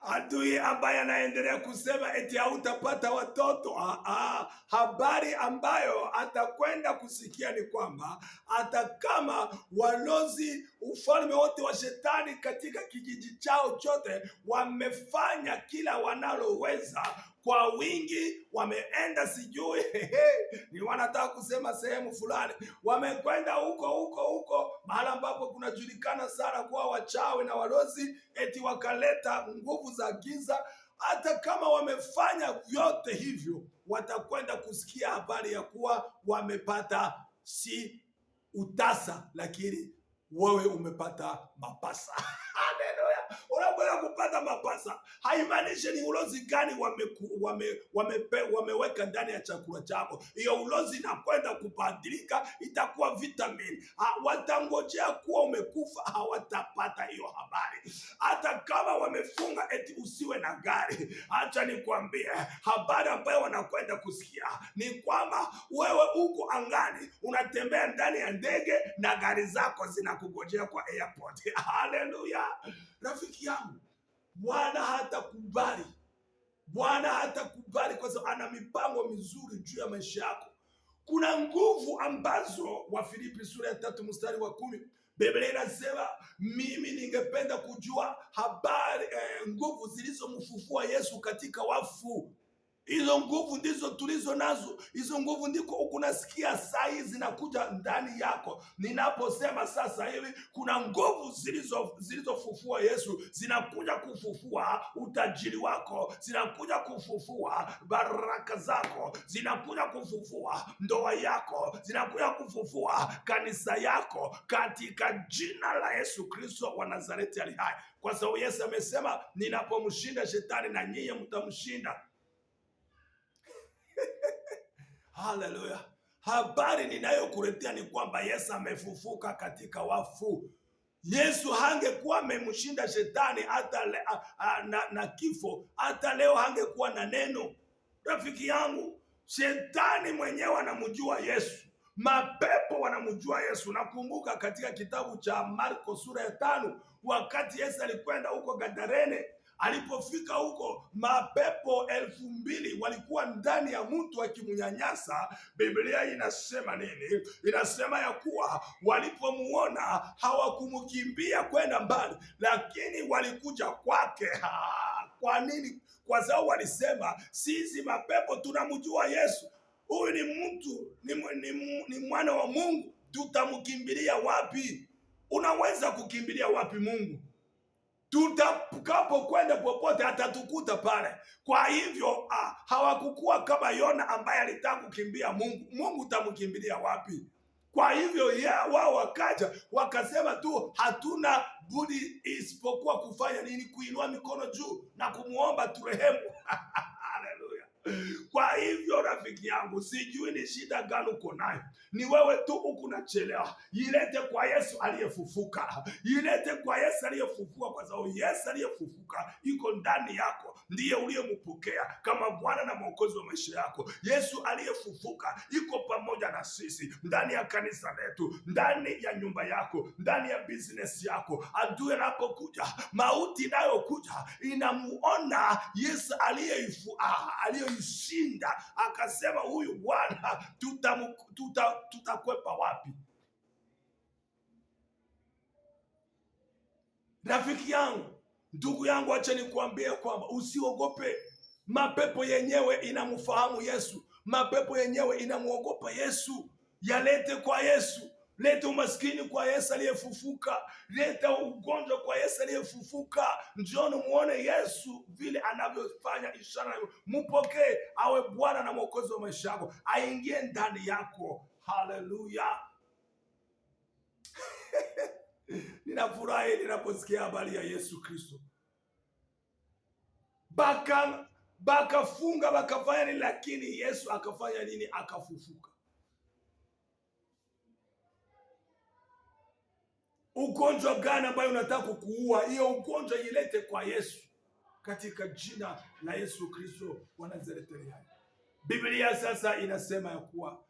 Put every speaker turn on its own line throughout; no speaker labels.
adui ambaye anaendelea kusema eti hautapata watoto. Aha, ah. habari ambayo atakwenda kusikia ni kwamba hata kama walozi ufalme wote wa shetani katika kijiji chao chote wamefanya kila wanaloweza kwa wingi wameenda, sijui ni wanataka kusema sehemu fulani, wamekwenda huko huko huko mahala ambapo kunajulikana sana kuwa wachawi na walozi, eti wakaleta nguvu za giza. Hata kama wamefanya vyote hivyo, watakwenda kusikia habari ya kuwa wamepata si utasa, lakini wewe umepata mapasa unakwenda kupata mapasa, haimaanishi ni ulozi gani wame, wameweka ndani ya chakula chako. Hiyo ulozi inakwenda kubadilika, itakuwa vitamini. Watangojea kuwa umekufa, hawatapata hiyo habari, hata kama wamefunga eti usiwe na gari. Acha nikwambie habari ambayo wanakwenda kusikia ni kwamba wewe uko angani, unatembea ndani ya ndege na gari zako zinakungojea kwa airport. Haleluya! rafiki yangu, Bwana hatakubali, Bwana hatakubali, kwa sababu ana mipango mizuri juu ya maisha yako. Kuna nguvu ambazo wa filipi sura ya tatu mstari wa kumi Biblia inasema mimi ningependa kujua habari eh, nguvu zilizomfufua Yesu katika wafu. Hizo nguvu ndizo tulizo nazo, hizo nguvu ndiko ukunasikia saa hii zinakuja ndani yako. Ninaposema sasa hivi, kuna nguvu zilizofufua Yesu, zinakuja kufufua utajiri wako, zinakuja kufufua baraka zako, zinakuja kufufua ndoa yako, zinakuja kufufua kanisa yako, katika jina la Yesu Kristo wa Nazareti ali hai, kwa sababu Yesu amesema, ninapomshinda shetani na nyinyi mtamshinda Haleluya! Habari ninayokuletea ni kwamba Yesu amefufuka katika wafu. Yesu hangekuwa amemshinda shetani hata le, a, a, na, na kifo hata leo hangekuwa na neno. Rafiki yangu, shetani mwenyewe anamjua Yesu, mapepo wanamjua Yesu. Nakumbuka katika kitabu cha Marko sura ya tano, wakati Yesu alikwenda huko Gadarene Alipofika huko, mapepo elfu mbili walikuwa ndani ya mtu akimnyanyasa. Biblia inasema nini? Inasema ya kuwa walipomuona hawakumkimbia kwenda mbali, lakini walikuja kwake. Kwa nini? Kwa sababu walisema sisi mapepo tunamjua Yesu, huyu ni mtu ni, ni, ni mwana wa Mungu, tutamkimbilia wapi? Unaweza kukimbilia wapi Mungu? tutakapokwenda popote atatukuta pale. Kwa hivyo ah, hawakukuwa kama Yona ambaye alitaka kukimbia Mungu. Mungu utamkimbilia wapi? Kwa hivyo wao wakaja wakasema tu hatuna budi isipokuwa kufanya nini? Kuinua mikono juu na kumwomba turehemu Kwa hivyo rafiki yangu, sijui ni shida gani uko nayo, ni wewe tu ukunachelewa. Ilete kwa Yesu aliyefufuka, ilete kwa Yesu aliyefufuka, kwa sababu Yesu aliyefufuka iko ndani yako, ndiye uliyempokea kama Bwana na Mwokozi wa maisha yako. Yesu aliyefufuka iko pamoja na sisi ndani ya kanisa letu, ndani ya nyumba yako, ndani ya business yako. Adui anapokuja, mauti inayokuja inamuona Yesu aliyeifu ah, aliishinda, akasema huyu Bwana tuta, tutakwepa wapi? Rafiki yangu, ndugu yangu, acha nikuambie kwamba usiogope. Mapepo yenyewe inamfahamu Yesu, mapepo yenyewe inamwogopa Yesu, yalete kwa Yesu leta umaskini kwa Yesu aliyefufuka, leta ugonjwa kwa Yesu aliyefufuka. njoni muone Yesu vile anavyofanya ishara, mupokee awe Bwana na Mwokozi wa maisha yako, aingie ndani yako. Haleluya! Ninafurahi ninaposikia habari ya Yesu Kristo. Baka bakafunga bakafanya nini, lakini Yesu akafanya nini? Akafufuka. ugonjwa gani ambayo unataka kukuua, hiyo ugonjwa ilete kwa Yesu, katika jina la Yesu Kristo wa Nazareti. Biblia sasa inasema ya kuwa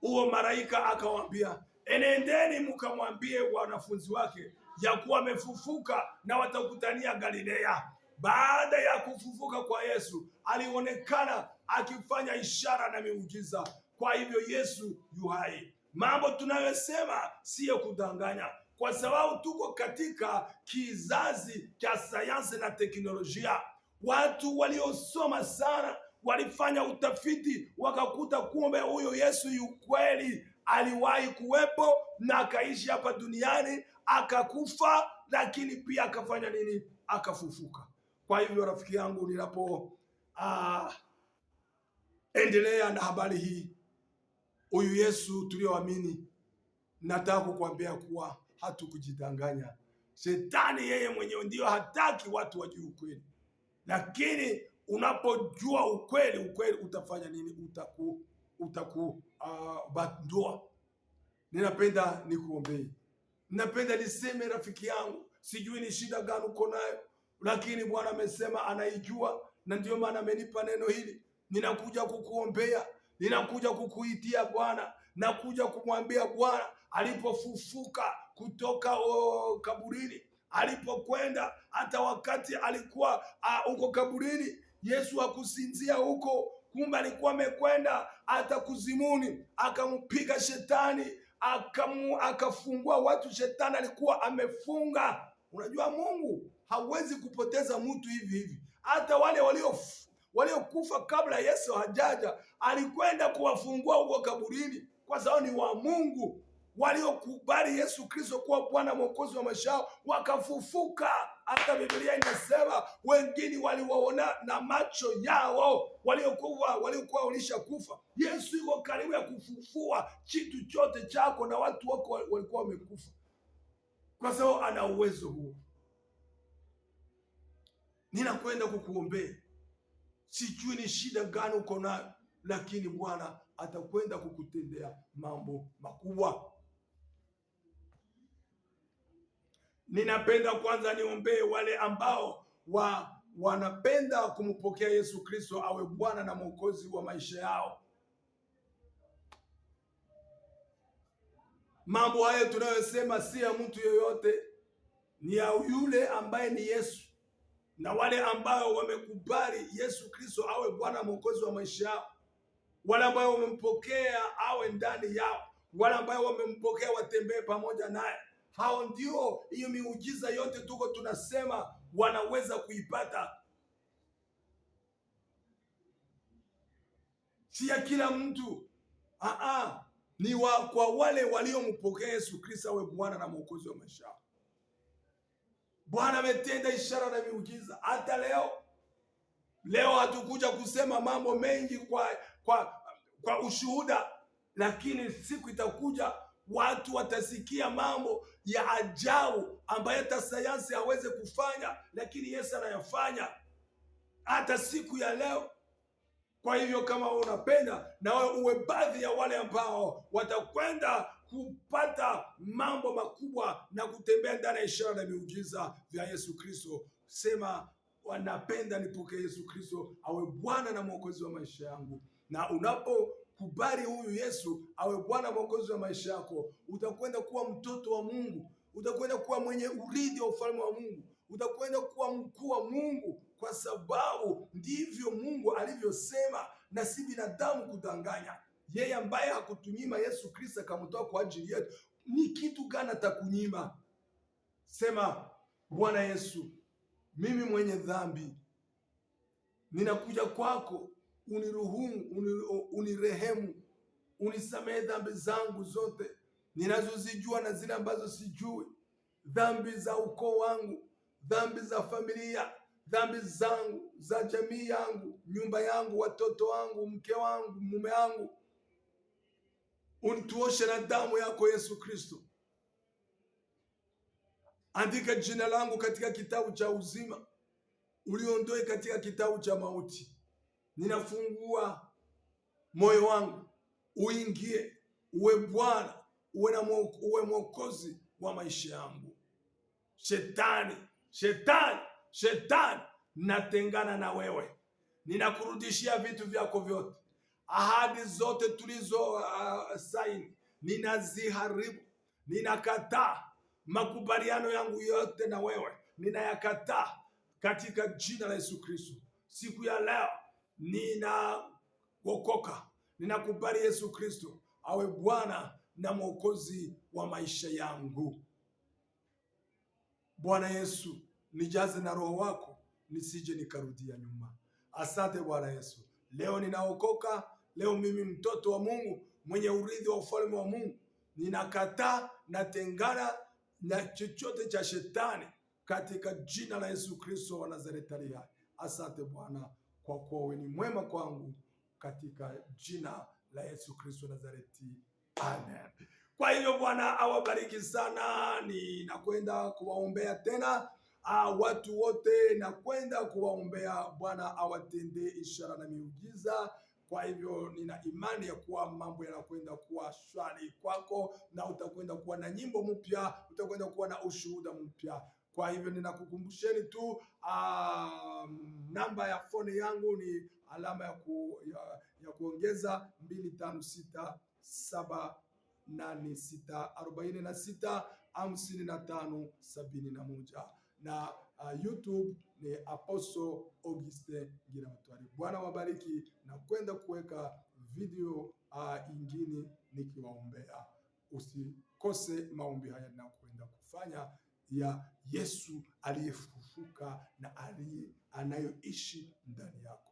huo malaika akawaambia, enendeni mkamwambie wanafunzi wake ya kuwa amefufuka na watakutania Galilea. Baada ya kufufuka kwa Yesu alionekana akifanya ishara na miujiza. Kwa hivyo Yesu yu hai. Mambo tunayosema siyo kudanganya kwa sababu tuko katika kizazi cha sayansi na teknolojia. Watu waliosoma sana walifanya utafiti, wakakuta kumbe huyo Yesu yukweli aliwahi kuwepo na akaishi hapa duniani, akakufa, lakini pia akafanya nini? Akafufuka. Kwa hivyo rafiki yangu, ninapo uh, endelea na habari hii, huyu Yesu tulioamini, nataka kukuambia kuwa hatukujidanganya. Shetani yeye mwenyewe ndiyo hataki watu wajue ukweli, lakini unapojua ukweli, ukweli utafanya nini? Utaku utaku uh, ah, bandua. Ninapenda nikuombee, ninapenda niseme, rafiki yangu, sijui ni shida gani uko nayo, lakini Bwana amesema anaijua, na ndiyo maana amenipa neno hili. Ninakuja kukuombea, ninakuja kukuitia Bwana, nakuja kumwambia Bwana alipofufuka kutoka kaburini, alipokwenda hata wakati alikuwa huko kaburini, Yesu hakusinzia huko. Kumbe alikuwa amekwenda hata kuzimuni, akampiga shetani, akamu, akafungua watu shetani alikuwa amefunga. Unajua, Mungu hawezi kupoteza mtu hivi hivi. Hata wale walio waliokufa kabla Yesu hajaja, alikwenda kuwafungua huko kaburini, kwa sababu ni wa Mungu waliokubali Yesu Kristo kuwa Bwana mwokozi wa maisha yao wakafufuka. Hata Biblia inasema wengine waliwaona na macho yao waliokuwa waliokuwa kufa. Yesu yuko karibu ya kufufua kitu chote chako, na watu wako walikuwa wamekufa, kwa sababu ana uwezo huo. Ninakwenda kukuombea, sijui ni shida gani uko nayo, lakini Bwana atakwenda kukutendea mambo makubwa. Ninapenda kwanza niombee wale ambao wa wanapenda kumpokea Yesu Kristo awe Bwana na Mwokozi wa maisha yao. Mambo haya tunayosema si ya mtu yoyote, ni ya yule ambaye ni Yesu na wale ambao wamekubali Yesu Kristo awe Bwana Mwokozi wa maisha yao, wale ambao wamempokea awe ndani yao, wale ambao wamempokea watembee pamoja naye hao ndio hiyo miujiza yote tuko tunasema wanaweza kuipata. Si ya kila mtu aa, ni wa, kwa wale waliompokea Yesu Kristo awe Bwana na Mwokozi wa maisha. Bwana ametenda ishara na miujiza hata leo. Leo hatukuja kusema mambo mengi kwa, kwa, kwa ushuhuda, lakini siku itakuja watu watasikia mambo ya ajabu ambayo hata sayansi haweze kufanya, lakini Yesu anayafanya hata siku ya leo. Kwa hivyo kama unapenda na wewe uwe baadhi ya wale ambao watakwenda kupata mambo makubwa na kutembea ndani ya ishara na miujiza vya Yesu Kristo, sema wanapenda nipokee Yesu Kristo awe Bwana na Mwokozi wa maisha yangu. Na unapo Kubali huyu Yesu awe Bwana mwokozi wa maisha yako. Utakwenda kuwa mtoto wa Mungu, utakwenda kuwa mwenye urithi wa ufalme wa Mungu, utakwenda kuwa mkuu wa Mungu, kwa sababu ndivyo Mungu alivyosema na si binadamu kudanganya. Yeye ambaye hakutunyima Yesu Kristo akamtoa kwa ajili yetu, ni kitu gani atakunyima? Sema, Bwana Yesu, mimi mwenye dhambi ninakuja kwako uniruhumu, unirehemu, unisamehe dhambi zangu zote ninazozijua na zile ambazo sijui, dhambi za ukoo wangu, dhambi za familia, dhambi zangu za jamii yangu, nyumba yangu, watoto wangu, mke wangu, mume wangu. Unituoshe na damu yako Yesu Kristo. Andika jina langu katika kitabu cha uzima, uliondoe katika kitabu cha mauti ninafungua moyo wangu uingie, uwe Bwana, uwe mwokozi wa maisha yangu. Shetani, shetani, shetani, natengana na wewe, ninakurudishia vitu vyako vyote, ahadi zote tulizo uh, saini ninaziharibu, ninakataa makubaliano yangu yote na wewe ninayakataa katika jina la Yesu Kristo siku ya leo ninaokoka, ninakubali Yesu Kristo awe Bwana na Mwokozi wa maisha yangu. Bwana Yesu, nijaze na Roho wako nisije nikarudia nyuma. Asante Bwana Yesu, leo ninaokoka. Leo mimi mtoto wa Mungu mwenye urithi wa ufalme wa Mungu, ninakataa natengana na chochote cha shetani katika jina la Yesu Kristo wa Nazareti aliye hai. Asante Bwana kwa kuwa wewe ni mwema kwangu, katika jina la Yesu Kristo Nazareti, amen. Kwa hivyo Bwana awabariki sana. Ninakwenda kuwaombea tena a, ah, watu wote, nakwenda kuwaombea Bwana awatende ishara na miujiza. Kwa hivyo nina imani ya kuwa mambo yanakwenda kuwa shwari kwako, na utakwenda kuwa na nyimbo mpya, utakwenda kuwa na ushuhuda mpya. Kwa hivyo ninakukumbusheni tu um, namba ya foni yangu ni alama ya, ku, ya, ya kuongeza mbili tano sita saba nane sita arobaini na sita hamsini na tano sabini na moja na uh, YouTube ni Apostle Auguste Ngirabatware. Bwana wabariki na kwenda kuweka video uh, ingine nikiwaombea. Usikose maombi haya na kufanya ya Yesu aliyefufuka na aliye anayoishi ndani yako.